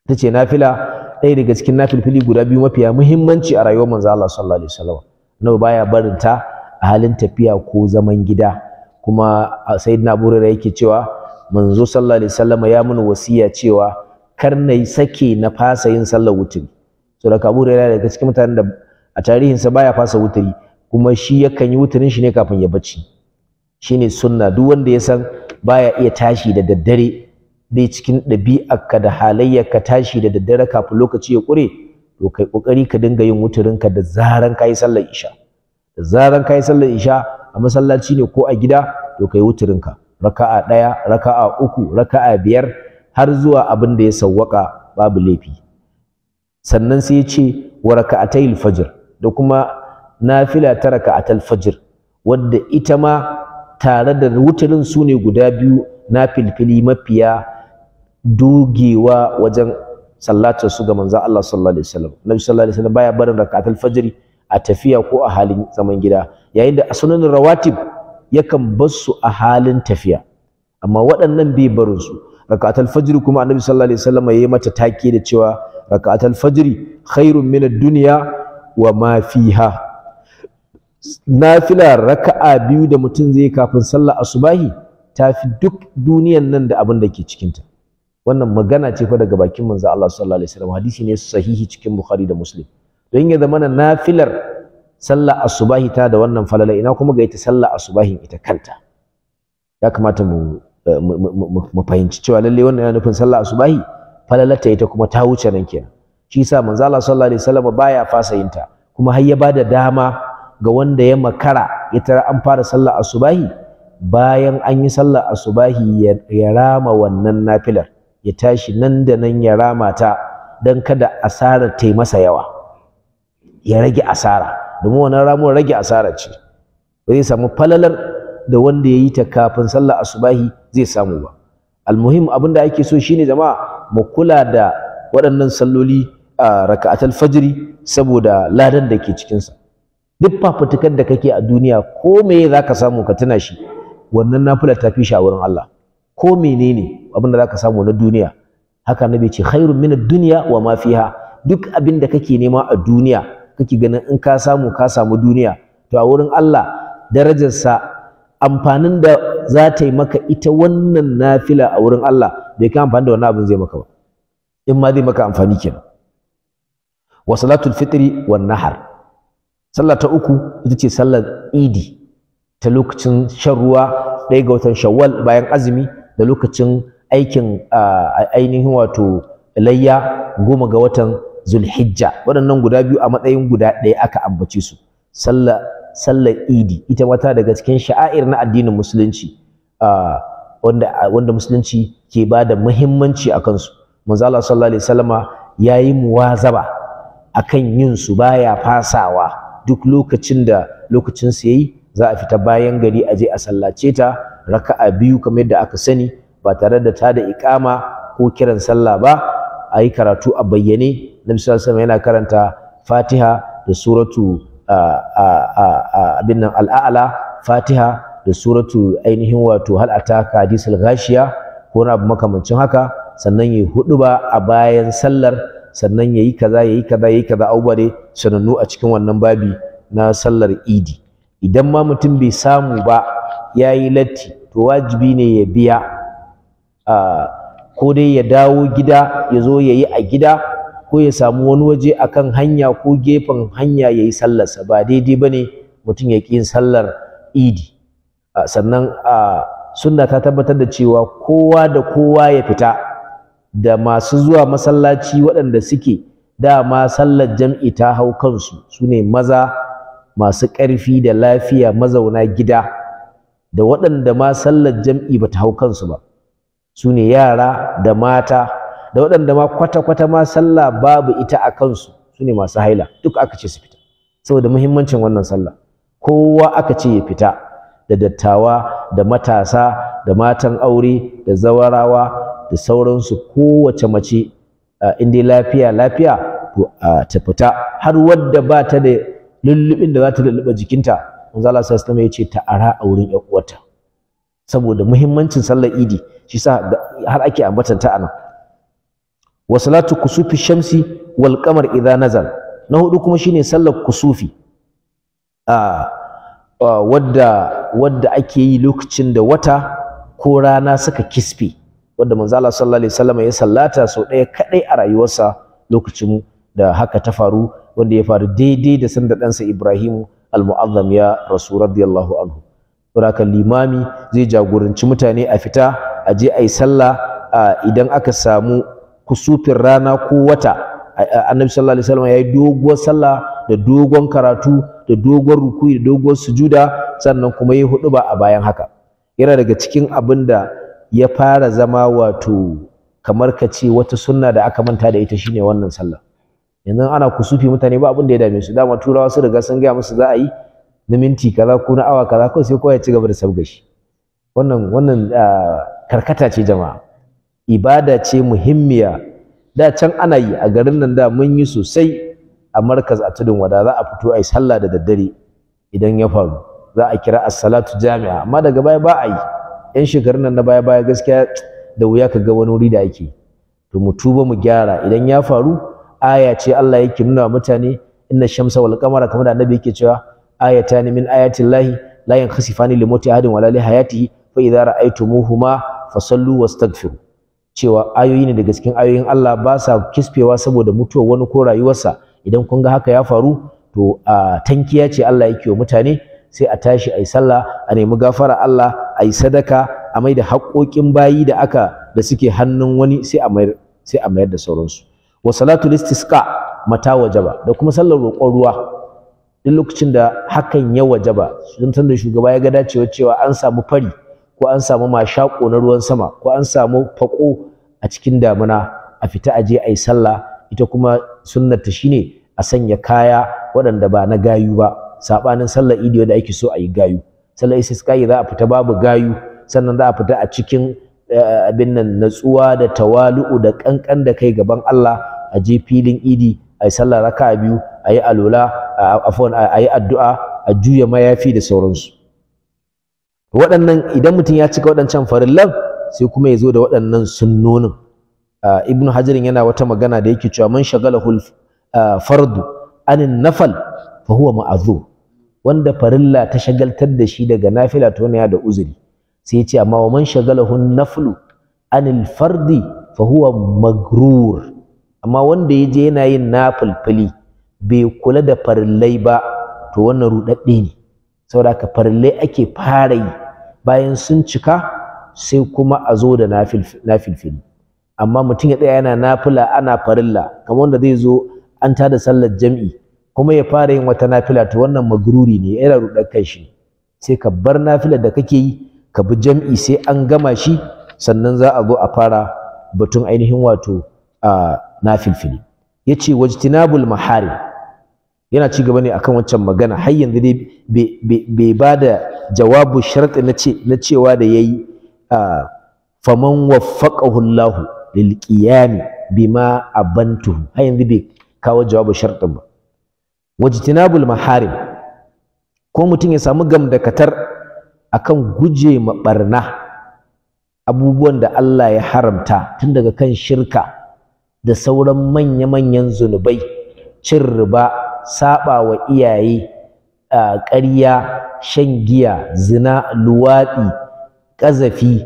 tace nafila ɗaya daga cikin nafilfili guda biyu mafiya muhimmanci a rayuwar manzo Allah sallallahu alaihi wasallam Nawa baya barin ta a halin tafiya ko zaman gida kuma sayyidina Abu Hurairah yake cewa manzo sallallahu alaihi wasallam ya mun wasiya cewa kar na sake na fasa yin sallar wuturi so da Abu Hurairah daga cikin mutanen da a tarihinsa baya fasa wuturi kuma shi yakan yi wuturin shi ne kafin ya bacci shine sunna duk wanda ya san baya iya tashi da daddare bai cikin ɗabi'arka da halayyarka tashi da daddare kafin lokaci ya ƙure to kai ƙoƙari ka dinga yin wuturinka da zaran ka yi sallar isha da zaran ka yi sallar isha a masallaci ne ko a gida to kai wuturinka raka'a ɗaya raka'a uku raka'a biyar har zuwa abin da ya sawwaka babu laifi sannan sai ya ce wa raka'atayil fajr da kuma nafila ta raka'atal fajr wadda ita ma tare da wuturin su ne guda biyu na filfili mafiya dogewa wajen sallatar su ga manzon Allah sallallahu alaihi wasallam Nabi sallallahu alaihi wasallam baya barin rakatul fajr a tafiya ko a halin zaman gida yayin da sunan rawatib yakan bar su a halin tafiya amma waɗannan bai barin su rakatul fajr kuma Annabi sallallahu alaihi wasallam yayi mata take da cewa rakatul fajr khairun min ad-dunya wa ma fiha nafila raka'a biyu da mutum zai kafin sallar asubahi tafi duk duniyan nan da abin da ke cikinta wannan magana ce fa daga bakin manzo Allah sallallahu alaihi wasallam hadisi ne sahihi cikin Bukhari da Muslim don ya zamana nafilar sallah asubahi ta da wannan falala ina kuma ga ita sallah asubahin ita kanta ya kamata eh, mu mu fahimci cewa lalle wannan yana nufin sallah asubahi falalata ita kuma ta wuce nan kenan shi yasa manzo Allah sallallahu alaihi wasallam baya fasa yin ta kuma har ya bada dama ga wanda ya makara ita an fara sallah asubahi bayan an yi sallah asubahi ya rama wannan nafilar ya tashi nan da nan ya rama ta don kada asara ta yi masa yawa ya rage asara domin wannan ramuwar rage asara ce ba zai samu falalar da wanda ya yi ta kafin sallar asubahi zai samu ba almuhim abin da ake so shine jama'a mu kula da waɗannan salloli a raka'atul fajiri saboda ladan da ke cikinsa duk fafutukan da kake a duniya ko me za ka samu ka tuna shi wannan nafila ta fi shi a wurin Allah ko menene abin da zaka samu na duniya haka nabi ce khairun min ad-dunya wa ma fiha duk abinda kake nema a duniya kake ganin in ka samu ka samu duniya to a wurin Allah darajarsa amfanin da za ta yi maka ita wannan nafila a wurin Allah bai ka amfani da wannan abin zai maka ba in ma zai maka amfani kenan wa salatul fitri wan nahar sallah ta uku ita ce sallar idi ta lokacin shan ruwa ɗaya ga watan shawwal bayan azumi da lokacin aikin ainihin wato layya goma ga watan zulhijja waɗannan guda biyu a matsayin guda ɗaya aka ambace su sallar idi ita wata daga cikin sha'air na addinin musulunci wanda musulunci ke ba da muhimmanci a kansu manzo Allah sallallahu alaihi wasallama yayi muwazaba akan yin su baya fasawa duk lokacin da lokacin su yayi za a fita bayan gari a je a sallace ta raka'a biyu kamar yadda aka sani ba tare da ta da iqama ko kiran sallah ba a yi karatu a bayyane nabi sallallahu alaihi yana karanta fatiha da suratu abin nan al'a'la fatiha da suratu ainihin wato hal ataka hadisul ghashiya ko na abu makamancin haka sannan yayi ba a bayan sallar sannan yayi kaza yayi kaza yayi kaza aubare sanannu a cikin wannan babi na sallar idi idan ma mutum bai samu ba yayi latti to wajibi ne ya biya ko dai ya dawo gida ya zo ya yi a gida ko ya samu wani waje akan hanya ko gefen hanya ya yi sallarsa ba daidai ba ne mutum ya ƙi sallar idi sannan a suna ta tabbatar da cewa kowa da kowa ya fita da masu zuwa masallaci waɗanda suke dama sallar jam'i ta hau kansu su ne maza masu ƙarfi da lafiya mazauna gida da waɗanda ma sallar jam'i ba ta hau kansu ba su ne yara da mata da waɗanda ma kwata-kwata ma sallah babu ita a kansu su ne masu haila duk aka ce su fita saboda muhimmancin wannan sallah kowa aka ce ya fita da dattawa da matasa da matan aure da zawarawa da sauransu kowace mace in dai lafiya lafiya to ta fita har wadda ba ta da lullubin da za ta lullube jikinta manzo Allah sallallahu alaihi wasallam ya ce ta ara a wurin 'yan uwata. saboda muhimmancin sallar idi shi sa har ake ambatan ta anan wa salatu kusufi shamsi wal qamar idza nazal na hudu kuma shine sallar kusufi a wadda wadda ake yi lokacin da wata ko rana suka kisfe wanda manzo Allah sallallahu alaihi wasallam ya sallata sau ɗaya kadai a rayuwarsa lokacin da haka ta faru wanda ya faru daidai da sanda ɗansa Ibrahimu al-mu'azzam ya rasu radiyallahu anhu saboda limami zai jagoranci mutane a fita a je a yi sallah idan aka samu kusufin rana ko wata annabi sallallahu alaihi wasallam yayi doguwar sallah da dogon karatu da dogon ruku'i da dogon sujuda sannan kuma yayi ba a bayan haka yana daga cikin abin da ya fara zama wato kamar ka ce wata sunna da aka manta da ita shine wannan sallah yanzu ana kusufi mutane ba abin da ya dame su dama turawa su riga sun gaya musu za a yi na minti kaza ko na awa kaza ko sai kowa ya ci gaba da sabgashi wannan wannan karkata ce jama'a ibada ce muhimmiya da can ana yi a garin nan da mun yi sosai a markaz a tudun wada za a fito a yi sallah da daddare idan ya faru za a kira as-salatu jami'a amma daga baya ba a yi yan shekarun nan na baya baya gaskiya da wuya ka ga wani wuri da ake to mu tuba mu gyara idan ya faru aya ce Allah yake nuna wa mutane inna shamsa wal qamara kamar da annabi yake cewa ayatan min ayati llahi la yankhasifani li mauti ahadin wala li hayatihi fa idza ra'aytumuhuma fasallu wastaghfiru cewa ayoyi ne daga cikin ayoyin Allah ba sa kispewa saboda mutuwar wani ko rayuwarsa idan kun ga haka ya faru to a tankiya ce Allah yake wa mutane sai a tashi ayi sallah a nemi gafara Allah ayi sadaka a mai da haƙoƙin bayi da aka da suke hannun wani sai a mayar sai a mayar da sauransu wa salatul istisqa mata wajaba da kuma sallar roƙon ruwa duk lokacin da hakan ya wajaba don san da shugaba ya ga dacewa cewa an samu fari ko an samu mashaƙo na ruwan sama ko an samu faƙo a cikin damuna a fita aje ayi sallah ita kuma sunnar ta shine a sanya kaya waɗanda ba na gayu ba sabanin sallar idi da ake so a yi gayu sallar istisqa za a fita babu gayu sannan za a fita a cikin Eh, abin nan natsuwa da tawalu'u da kankan da kai gaban Allah a je filin idi a yi sallah raka biyu a yi alola a yi addu'a a juya mayafi da sauransu waɗannan idan mutum ya cika waɗancan farillan sai kuma ya zo da waɗannan sunnonin Ibn hajarin yana wata magana da yake cewa man hul fardu anin nafal fa huwa ma'azur wanda farilla ta shagaltar da shi daga nafila to ne da uzuri sai ya ce amma wa man shagalahu naflu anil fardi fa huwa magrur amma wanda ya je yana yin nafilfili bai kula da farillai ba to wannan rudadde ne saboda ka farillai ake fara yi bayan sun cika sai kuma a zo da nafilfili amma mutum ya tsaya yana nafila ana farilla kamar wanda zai zo an tada sallar jam'i kuma ya fara yin wata nafila to wannan magruri ne yana rudar kai shi sai ka bar nafilar da kake yi ka bi jam'i sai an gama shi sannan za a zo a fara batun ainihin wato a nafilfili yace wajtinabul maharim yana ci gaba ne akan waccan magana har yanzu dai bai ba da jawabu sharti na cewa da yayi faman waffaqahu Allah lil qiyam bima abantu har yanzu bai kawo jawabu sharti ba wajtinabul maharim ko mutum ya samu gamdakatar akan guje ma barna abubuwan da Allah ya haramta tun daga kan shirka da sauran manya-manyan zunubai cin riba saba wa iyaye ƙarya shan giya zina luwaɗi ƙazafi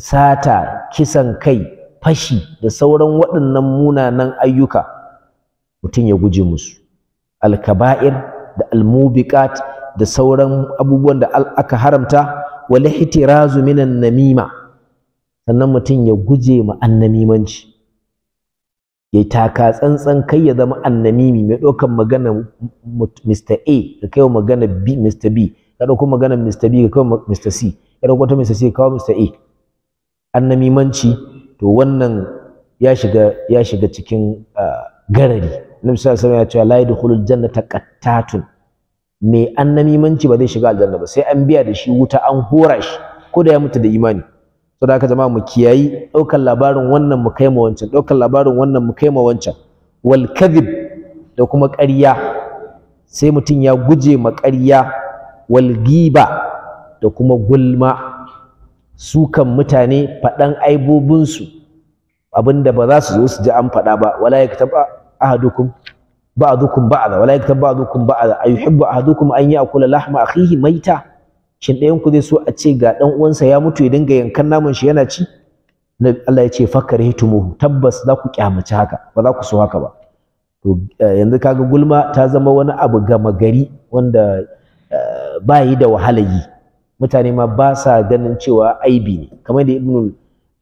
sata kisan kai fashi da sauran waɗannan munanan ayyuka mutum ya guje musu alkaba'ir da almubiqat da sauran abubuwan da aka haramta wal ihtirazu minan namima sannan mutum ya guje ma annamimanci ya taka tsantsan kai ya zama annamimi mai ɗaukar magana Mr. A ka kai magana B Mr. B ka ɗauko magana Mr. B ka kai Mr. C ka ɗauko ta Mr. C ka kawo Mr. A annamimanci to wannan ya shiga ya shiga cikin ah, garari Nabi sallallahu alaihi wasallam ya ce la yadkhulul jannata qattatun mai annamimanci ba zai shiga aljanna ba sai an biya da shi wuta an hora shi ko da ya mutu da imani saboda haka jama'a mu kiyayi ɗaukan labarin wannan mu kai wancan daukar labarin wannan mu kai wancan wal kadhib da kuma ƙarya sai mutum ya guje ma ƙarya wal giba da kuma gulma sukan mutane faɗan aibobinsu abinda ba za su zo su ji an faɗa ba wala yaktab ahadukum ba'dukum ba'da wala yaktab ba'dukum ba'da yuhibbu ahadukum an ya'kula lahma akhihi maita shin ɗayan ku zai so a ce ga dan uwansa ya mutu ya dinga yankan naman shi yana ci Allah ya ce fakarhitumuhu tabbas za ku kyamaci haka ba za ku so haka ba to eh, yanzu kaga gulma ta zama wani abu gama gari wanda eh, ba yi da wahala yi mutane ma ba sa ganin cewa aibi ne kamar da ibnu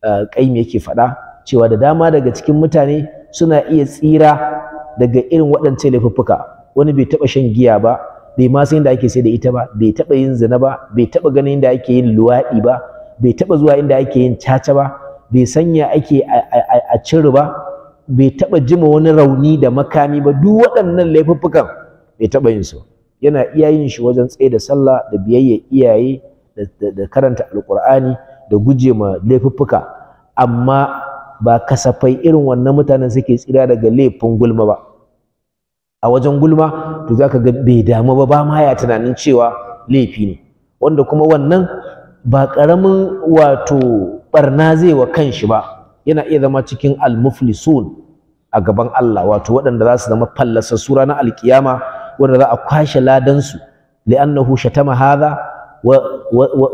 eh, qayyim yake faɗa cewa da dama daga cikin mutane suna iya tsira daga irin waɗancan laifuffuka wani bai taɓa shan giya ba bai ma san inda ake sai da ita ba bai taɓa yin zina ba bai taɓa ganin inda ake yin luwaɗi ba bai taɓa zuwa inda ake yin caca ba bai sanya ake a cire ba bai taɓa jima wani rauni da makami ba duk waɗannan laifuffukan bai taɓa yin su yana iya yin shi wajen tsaye da sallah da biyayya iyaye da karanta alƙur'ani da guje ma laifuffuka amma ba kasafai irin wannan mutanen suke tsira daga laifin gulma ba a wajen gulma to zaka ga bai damu ba ba ma ya tunanin cewa laifi ne wanda kuma wannan ba ƙaramin wato barna zai wa kanshi ba yana iya zama cikin almuflisun a gaban Allah wato waɗanda za su zama fallasa sura na alkiyama wanda za a kwashe ladansu li'annahu shatama hadha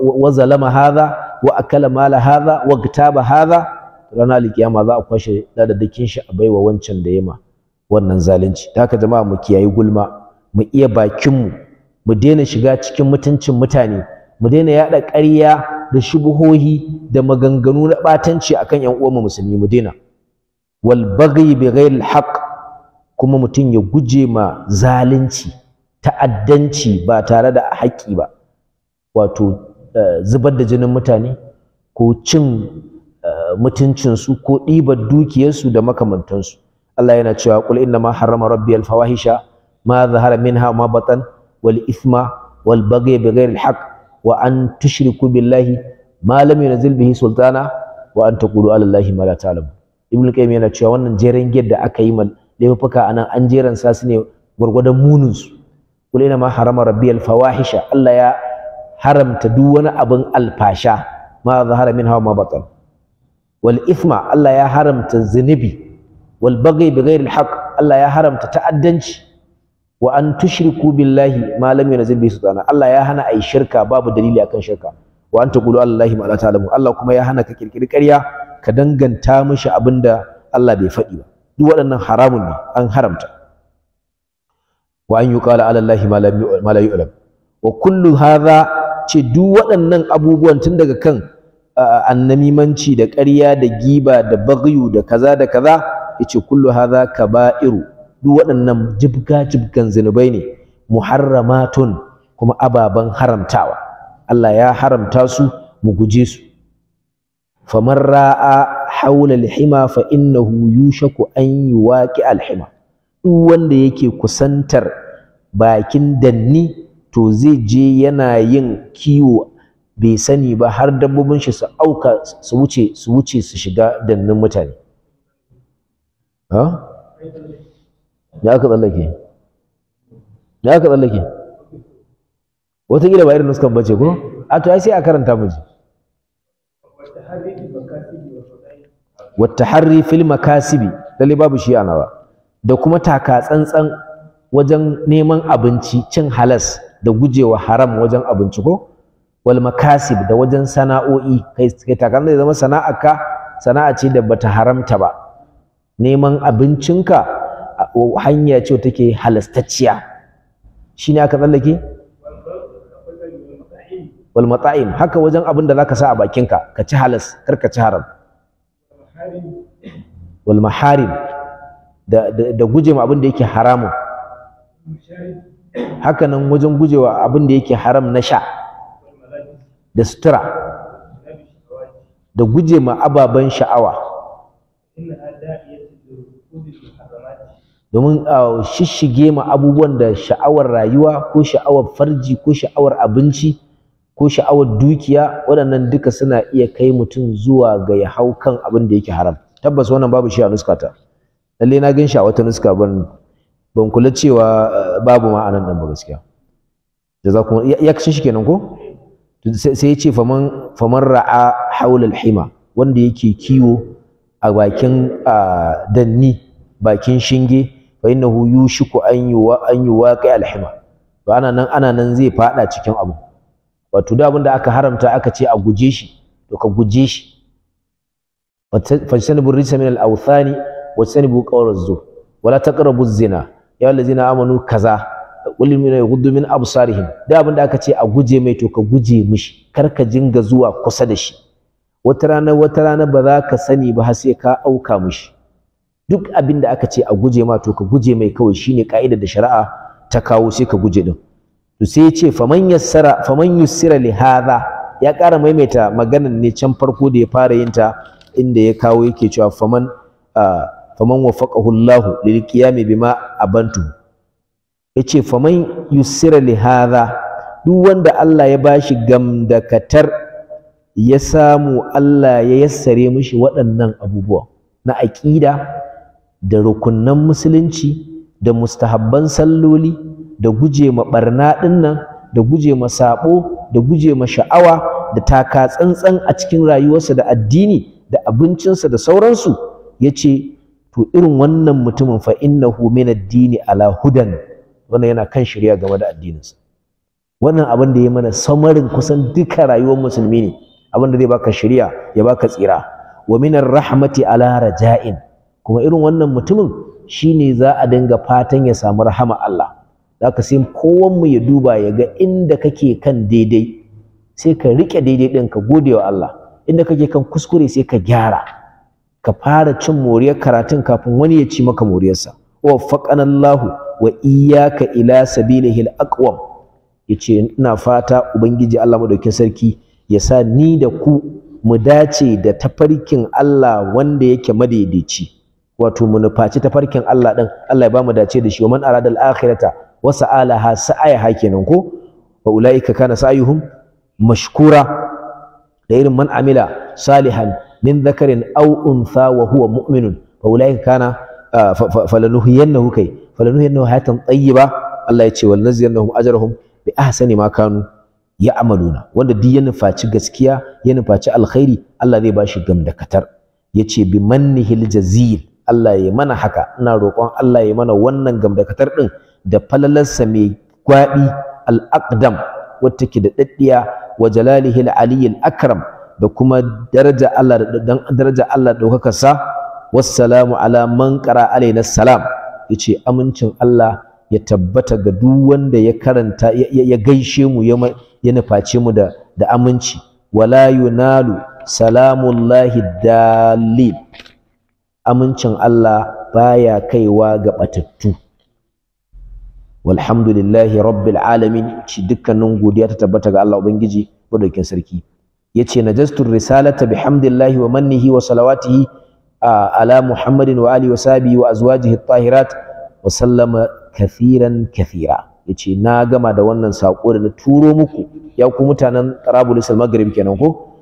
wa zalama hadha wa akala mala hadha wa gtaba hadha ranar alkiyama za a kwashe dadadakin shi a baiwa wancan da yama wannan zalunci ta haka jama'a mu kiyayi gulma mu iya bakinmu mu daina shiga cikin mutuncin mutane mu daina yaɗa ƙarya da shubuhohi da maganganu na ɓatanci akan ƴan uwanmu musulmi mu daina wal baghi bi ghairi haqq kuma mutum ya guje ma zalunci ta'addanci ba tare da haƙƙi ba wato eh, zubar da jinin mutane ko cin mutuncinsu ko ɗibar dukiyarsu da makamantansu Allah yana cewa qul inna ma harrama rabbi al fawahisha ma zahara minha ma batan wal ithma wal baghy bighayri al haqq wa an tushriku billahi ma lam yunzil bihi sultana wa an taqulu ala allahi ma la ta'lamu ibn qayyim yana cewa wannan jeren gid da aka yi mal laifuka anan an jeran sa su ne gurgurdan munin su qul inna ma harrama rabbi al fawahisha Allah ya haramta duk wani abin alfasha ma zahara minha ma batan wal ithma Allah ya haramta zunubi wal baghi bi Allah ya haramta ta'addanci wa an tushriku billahi ma lam yunzil bihi sultana Allah ya hana ai shirka babu dalili akan shirka wa an taqulu allahi ma la ta'lamu Allah kuma ya hana ka kirkiri ƙarya ka danganta mishi abinda Allah bai faɗi ba duk waɗannan haramun ne an haramta wa an yuqala ala allahi wa kullu hadha ce duk waɗannan abubuwan tun daga kan annamimanci da ƙarya da giba da bagyu da kaza da kaza yace kullu hadha kaba'iru duk waɗannan jibga jibgan zinubai ne muharramatun kuma ababan haramtawa Allah ya haramta su mu guje su faman ra'a haula alhima fa innahu yushaku an yuwaqi alhima duk wanda yake kusantar bakin danni to zai je yana yin kiwo bai sani ba har dabbobin shi su auka su wuce su wuce su shiga dannin mutane ha ya aka tsallake ya aka tsallake wata gida ba irin nuskan bace ko a to sai a karanta mu ji wata harri fil makasibi lalle babu shi a nawa da kuma taka tsantsan wajen neman abinci cin halas da gujewa haram wajen abinci ko wal makasib da wajen sana'o'i kai takan da zama sana'a ka sana'a ce da bata haramta ba neman abincinka hanya ce take halastacciya shine aka tsallake wal mata'im haka wajen abin da zaka sa a bakinka ka ci halas kar ka ci haram wal maharim da da ma abin da yake haramun haka nan wajen gujewa abin da yake haram na sha da sutura da guje ma ababen sha'awa domin a shishige ma abubuwan da sha'awar rayuwa ko sha'awar farji ko sha'awar abinci ko sha'awar dukiya waɗannan duka suna iya kai mutum zuwa ga ya hau kan abin da yake haram tabbas wannan babu shi a nuskata lalle na gan sha a wata nuska ban ban kula cewa babu ma'anan nan ba gaskiya jazakum ya kashe shi kenan ko sai ya ce faman ra'a haulal hima wanda yake kiwo a bakin danni bakin shinge fa innahu yushiku an yuwa an alhima to ana nan ana nan zai fada cikin abu wato da abin da aka haramta aka ce a guje shi to ka guje shi fajtanibu rijsa min al-awthani wajtanibu qawla az-zur wala taqrabu az-zina ya allazina amanu kaza qul min abu min da abin da aka ce a guje mai to ka guje mishi kar ka jinga zuwa kusa da shi wata rana wata rana ba za ka sani ba har sai ka auka mishi duk abin da aka ce a guje ma to ka guje mai kawai shine ka'ida da shari'a ta kawo sai ka guje din to sai ya ce faman yassara faman yusira li hadha ya ƙara maimaita maganar ne can farko da ya fara yin ta inda ya kawo yake cewa faman faman wafaqahu Allahu lil qiyami bima abantu yace faman yusira li hadha duk wanda Allah ya bashi gamdakatar ya samu Allah ya yassare mishi waɗannan abubuwa na aƙida da rukunnan musulunci da mustahabban salloli da guje ma barna dinnan da guje ma sabo da guje ma sha'awa da taka tsantsan a cikin rayuwarsa da addini da abincinsa da sauransu yace to irin wannan mutumin fa innahu min ad-dini ala hudan wannan yana kan shari'a game da addininsa wannan abin da ya mana samarin kusan duka rayuwar musulmi ne abin da zai baka shirya ya baka tsira wa minar rahmati ala raja'in kuma irin wannan mutumin shine za a dinga fatan ya samu rahama Allah zaka sai kowan mu ya duba ya ga inda kake kan daidai sai ka rike daidai din ka gode wa Allah inda kake kan kuskure sai ka gyara ka fara cin moriyar karatun kafin wani ya ci maka moriyarsa wa faqana wa iyyaka ila sabilihil aqwam yace ina fata ubangiji Allah madaukin sarki ya sa ni da ku mu dace da tafarkin Allah wanda yake madaidaici wato mu nufaci tafarkin Allah din Allah ya bamu dace da shi wa man aradal akhirata wa sa'alaha sa'ayaha kenan ko wa ulaika kana sa'yuhum mashkura da irin man amila salihan min dhakarin aw untha wa huwa mu'minun fa ulaika kana ah, falanuhiyannahu kai falanuhiyannahum hayatan tayyiba Allah ya ce walnaziyannahum ajrahum bi ahsani ma kanu ya'maluna wanda duk ya nufaci gaskiya ya nufaci alkhairi Allah zai bashi gamdakatar yace bi mannihil jazil Allah ya mana haka ina roƙon Allah ya mana wannan gamdakatar din da falalarsa mai gwaɗi al-aqdam wacce ke da daddiya wa jalalihi al akram da kuma daraja Allah dan daraja Allah daukakar sa wassalamu ala man qara alaina salam yace amincin Allah ya tabbata ga duk wanda ya karanta ya gaishe mu ya nuface mu da da aminci wala yunalu salamullahi dalil amincin Allah baya kaiwa ga batattu walhamdulillahi rabbil alamin shi dukkanin godiya ta tabbata ga Allah ubangiji madaukin sarki yace najastur risalata bihamdillahi wa mannihi wa salawatihi ala muhammadin wa alihi wa sahbihi wa azwajihi tahirat wa sallama yace na gama da wannan sako da na turo muku ya ku mutanen Tarabulis al-Maghrib kenan ko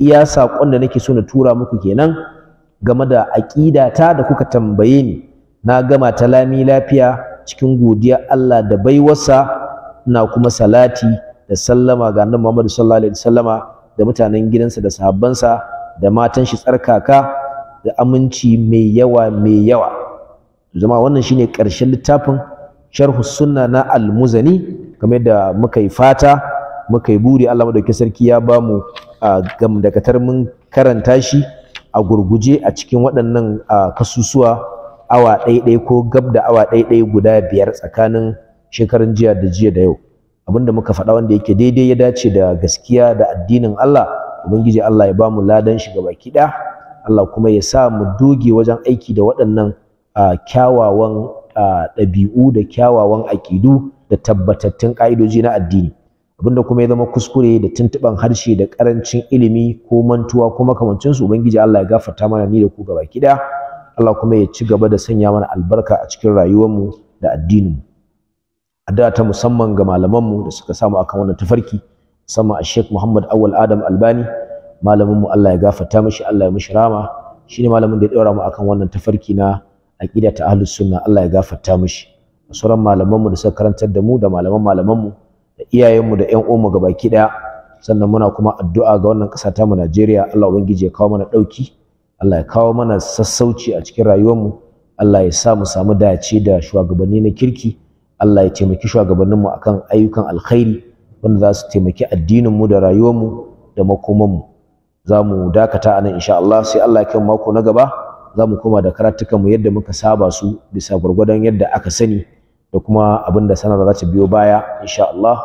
iya sakon da nake so na tura muku kenan game da aƙidata da kuka tambaye ni na gama ta lami lafiya cikin godiya Allah da baiwarsa na kuma salati da sallama ga Annabi Muhammad sallallahu alaihi wasallama da mutanen gidansa da sahabbansa da matan shi tsarkaka da aminci mai yawa mai yawa zama wannan shine ƙarshen littafin sharhu sunna na almuzani kamar da muka yi fata muka yi buri Allah madauki sarki ya ba mu gamdakatar mun karanta shi a gurguje a cikin waɗannan kasusuwa awa ɗaiɗai ko gab da awa ɗaiɗai guda biyar tsakanin shekarun jiya da jiya da yau abinda muka faɗa wanda yake daidai ya dace da gaskiya da addinin Allah ubangiji Allah ya bamu ladan shi gaba ɗaya Allah kuma ya sa mu doge wajen aiki da waɗannan kyawawan ɗabi'u da kyawawan aƙidu da tabbatattun ƙa'idoji na addini abinda kuma ya zama kuskure da tuntuɓan harshe da ƙarancin ilimi ko mantuwa ko makamancinsu ubangiji Allah ya gafarta mana ni da ku gaba ɗaya Allah kuma ya ci gaba da sanya mana albarka a cikin rayuwar mu da addinin addininmu addu'a ta musamman ga malaman mu da suka samu akan wannan tafarki musamman a Sheikh Muhammad Awal Adam Albani malamin mu Allah ya gafarta mishi Allah ya mishi rama shine malamin da ya daura mu akan wannan tafarki na aqida ta ahlus sunna Allah ya gafarta mishi sauran malaman mu da suka karantar da mu da malaman malaman mu da iyayen da ƴan uwan mu gabaki daya sannan muna kuma addu'a ga wannan ƙasa ta mu Najeriya Allah ubangiji ya kawo mana dauki Allah ya kawo mana sassauci a cikin rayuwar mu Allah ya sa mu samu dace da shugabanni na kirki Allah ya taimaki shugabanninmu akan ayyukan alkhairi wanda za su taimaki addinin mu da rayuwarmu da makomanmu za mu dakata a nan insha Allah sai Allah ya kai mako na gaba za mu koma da mu yadda muka saba su bisa gwargwadon yadda aka sani da kuma abin da sanarwa za ta biyo baya insha Allah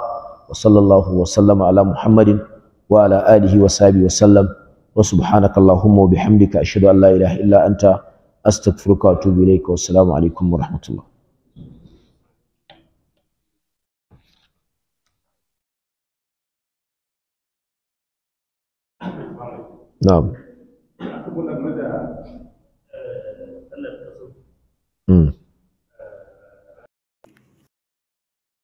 wa sallallahu wa sallama ala Muhammadin wa ala alihi wa sahbihi wa sallam wa subhanaka allahumma wa bihamdika ashhadu an la ilaha illa anta astaghfiruka wa atubu ilayka wa assalamu alaikum wa rahmatullah na'am